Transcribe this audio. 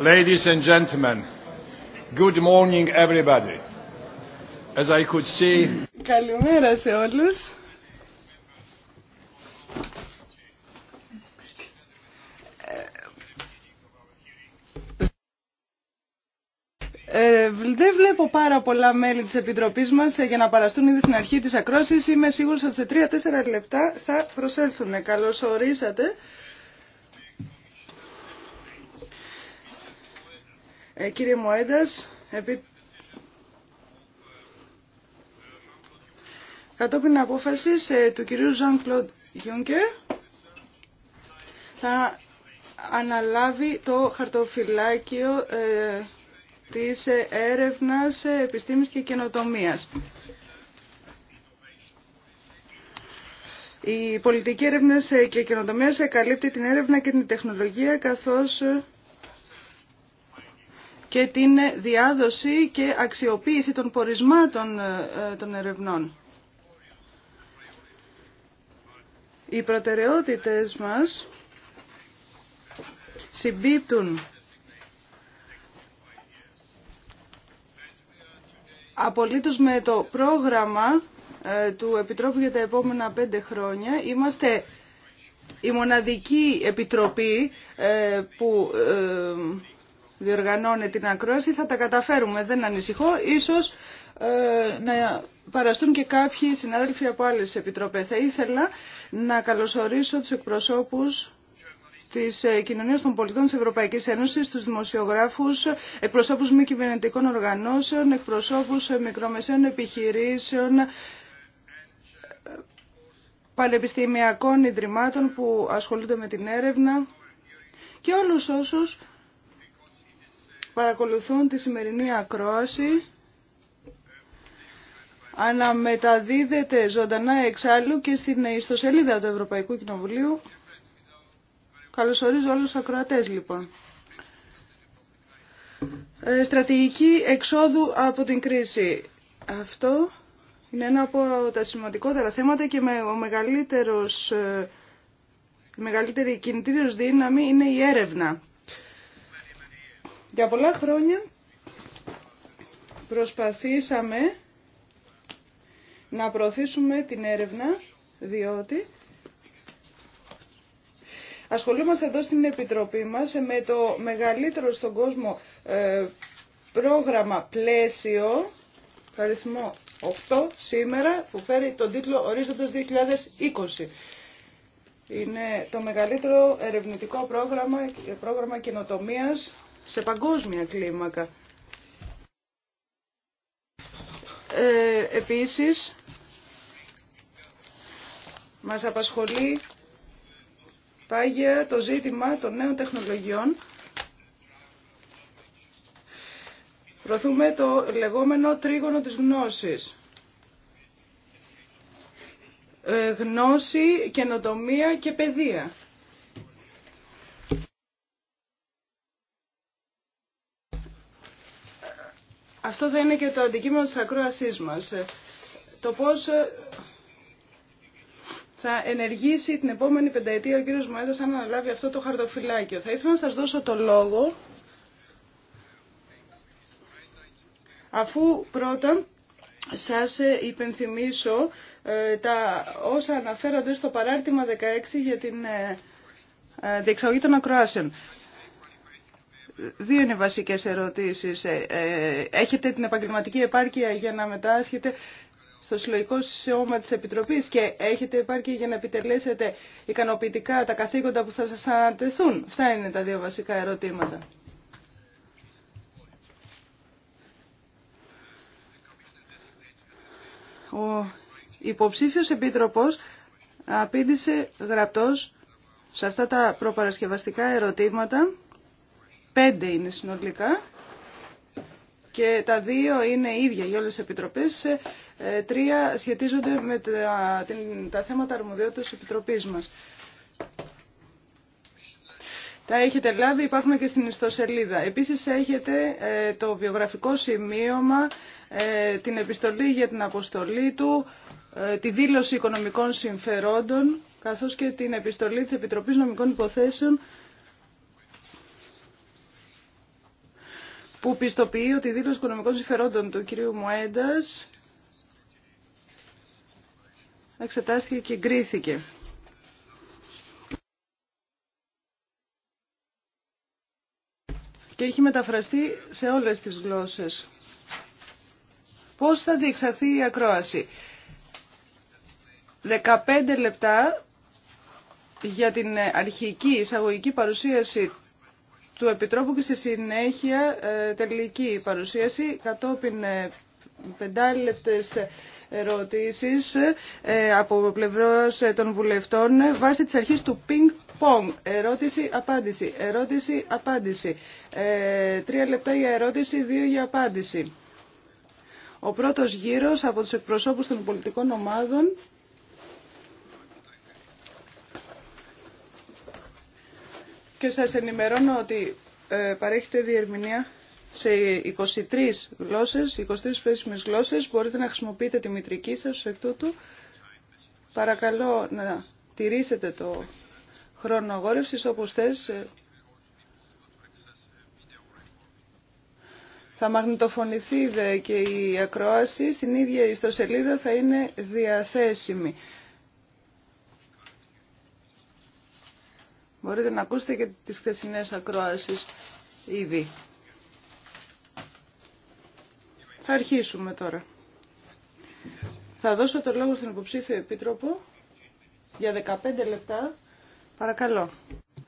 Ladies and gentlemen, good morning everybody. As I could see... Καλημέρα σε όλους. Ε, δεν βλέπω πάρα πολλά μέλη της Επιτροπής μας ε, για να παραστούν ήδη στην αρχή της ακρόσης. Είμαι σίγουρος ότι σε 3-4 λεπτά θα προσέλθουν. Καλώς ορίσατε. Ε, κύριε Μοέντας, επί... κατόπιν απόφασης ε, του κυρίου Ζαν Κλοντ Γιούγκερ θα αναλάβει το χαρτοφυλάκιο ε, της έρευνας ε, επιστήμης και καινοτομίας. Η πολιτική έρευνα ε, και καινοτομία καλύπτει την έρευνα και την τεχνολογία καθώς και την διάδοση και αξιοποίηση των πορισμάτων ε, ε, των ερευνών. Οι προτεραιότητες μας συμπίπτουν απολύτως με το πρόγραμμα ε, του Επιτρόπου για τα επόμενα πέντε χρόνια. Είμαστε η μοναδική επιτροπή που διοργανώνει την ακρόαση. Θα τα καταφέρουμε, δεν ανησυχώ. Ίσως ε, να παραστούν και κάποιοι συνάδελφοι από άλλες επιτροπές. Θα ήθελα να καλωσορίσω τους εκπροσώπους της ε, Κοινωνίας των Πολιτών της Ευρωπαϊκής Ένωσης, τους δημοσιογράφους, εκπροσώπους μη κυβερνητικών οργανώσεων, εκπροσώπους ε, μικρομεσαίων επιχειρήσεων, πανεπιστημιακών ιδρυμάτων που ασχολούνται με την έρευνα και όλους όσους παρακολουθούν τη σημερινή ακρόαση αναμεταδίδεται ζωντανά εξάλλου και στην ιστοσελίδα του Ευρωπαϊκού Κοινοβουλίου. Καλωσορίζω όλους τους ακροατές λοιπόν. Ε, στρατηγική εξόδου από την κρίση. Αυτό είναι ένα από τα σημαντικότερα θέματα και με ο μεγαλύτερος, ε, η μεγαλύτερη κινητήριος δύναμη είναι η έρευνα. Για πολλά χρόνια προσπαθήσαμε να προωθήσουμε την έρευνα, διότι ασχολούμαστε εδώ στην Επιτροπή μας με το μεγαλύτερο στον κόσμο ε, πρόγραμμα πλαίσιο, αριθμό 8 σήμερα, που φέρει τον τίτλο Ορίζοντας 2020. Είναι το μεγαλύτερο ερευνητικό πρόγραμμα, ε, πρόγραμμα καινοτομίας σε παγκόσμια κλίμακα. Ε, επίσης, μας απασχολεί πάγια το ζήτημα των νέων τεχνολογιών. Προωθούμε το λεγόμενο τρίγωνο της γνώσης. Ε, γνώση, καινοτομία και παιδεία. Αυτό θα είναι και το αντικείμενο της ακρόασής μας. Το πώς θα ενεργήσει την επόμενη πενταετία ο κύριος Μοέδας αν αναλάβει αυτό το χαρτοφυλάκιο. Θα ήθελα να σας δώσω το λόγο αφού πρώτα σας υπενθυμίσω ε, τα όσα αναφέρονται στο παράρτημα 16 για την ε, ε, διεξαγωγή των ακροάσεων. Δύο είναι βασικές ερωτήσεις. Ε, ε, έχετε την επαγγελματική επάρκεια για να μετάσχετε στο συλλογικό σώμα τη Επιτροπής και έχετε επάρκεια για να επιτελέσετε ικανοποιητικά τα καθήκοντα που θα σας ανατεθούν. Αυτά είναι τα δύο βασικά ερωτήματα. Ο υποψήφιος επίτροπος απήντησε γραπτός σε αυτά τα προπαρασκευαστικά ερωτήματα Πέντε είναι συνολικά και τα δύο είναι ίδια για όλες τις επιτροπές. Ε, τρία σχετίζονται με τα, τα θέματα αρμοδιότητας της επιτροπής μας. Τα έχετε λάβει, υπάρχουν και στην ιστοσελίδα. Επίσης έχετε ε, το βιογραφικό σημείωμα, ε, την επιστολή για την αποστολή του, τη δήλωση οικονομικών συμφερόντων, καθώς και την επιστολή της Επιτροπής Νομικών Υποθέσεων που πιστοποιεί ότι η δήλωση οικονομικών συμφερόντων του κυρίου Μουέντας εξετάστηκε και εγκρίθηκε. Και έχει μεταφραστεί σε όλες τις γλώσσες. Πώς θα διεξαχθεί η ακρόαση. 15 λεπτά για την αρχική εισαγωγική παρουσίαση του Επιτρόπου και στη συνέχεια ε, τελική παρουσίαση κατόπιν ε, πεντάλεπτες ερωτήσεις ε, από πλευρός των βουλευτών βάσει της αρχής του πινκ πονγκ. Ερώτηση, απάντηση, ερώτηση, απάντηση. τρία λεπτά για ερώτηση, δύο για απάντηση. Ο πρώτος γύρος από τους εκπροσώπους των πολιτικών ομάδων και σας ενημερώνω ότι ε, παρέχετε διερμηνία σε 23 γλώσσες, 23 πέσιμε γλώσσες. Μπορείτε να χρησιμοποιείτε τη μητρική σας εκ τούτου. Παρακαλώ να τηρήσετε το χρόνο αγόρευσης όπως θες. Θα μαγνητοφωνηθεί και η ακρόαση. Στην ίδια ιστοσελίδα θα είναι διαθέσιμη. Μπορείτε να ακούσετε και τις χθεσινές ακροάσεις ήδη. Θα αρχίσουμε τώρα. Θα δώσω το λόγο στον υποψήφιο επίτροπο για 15 λεπτά. Παρακαλώ.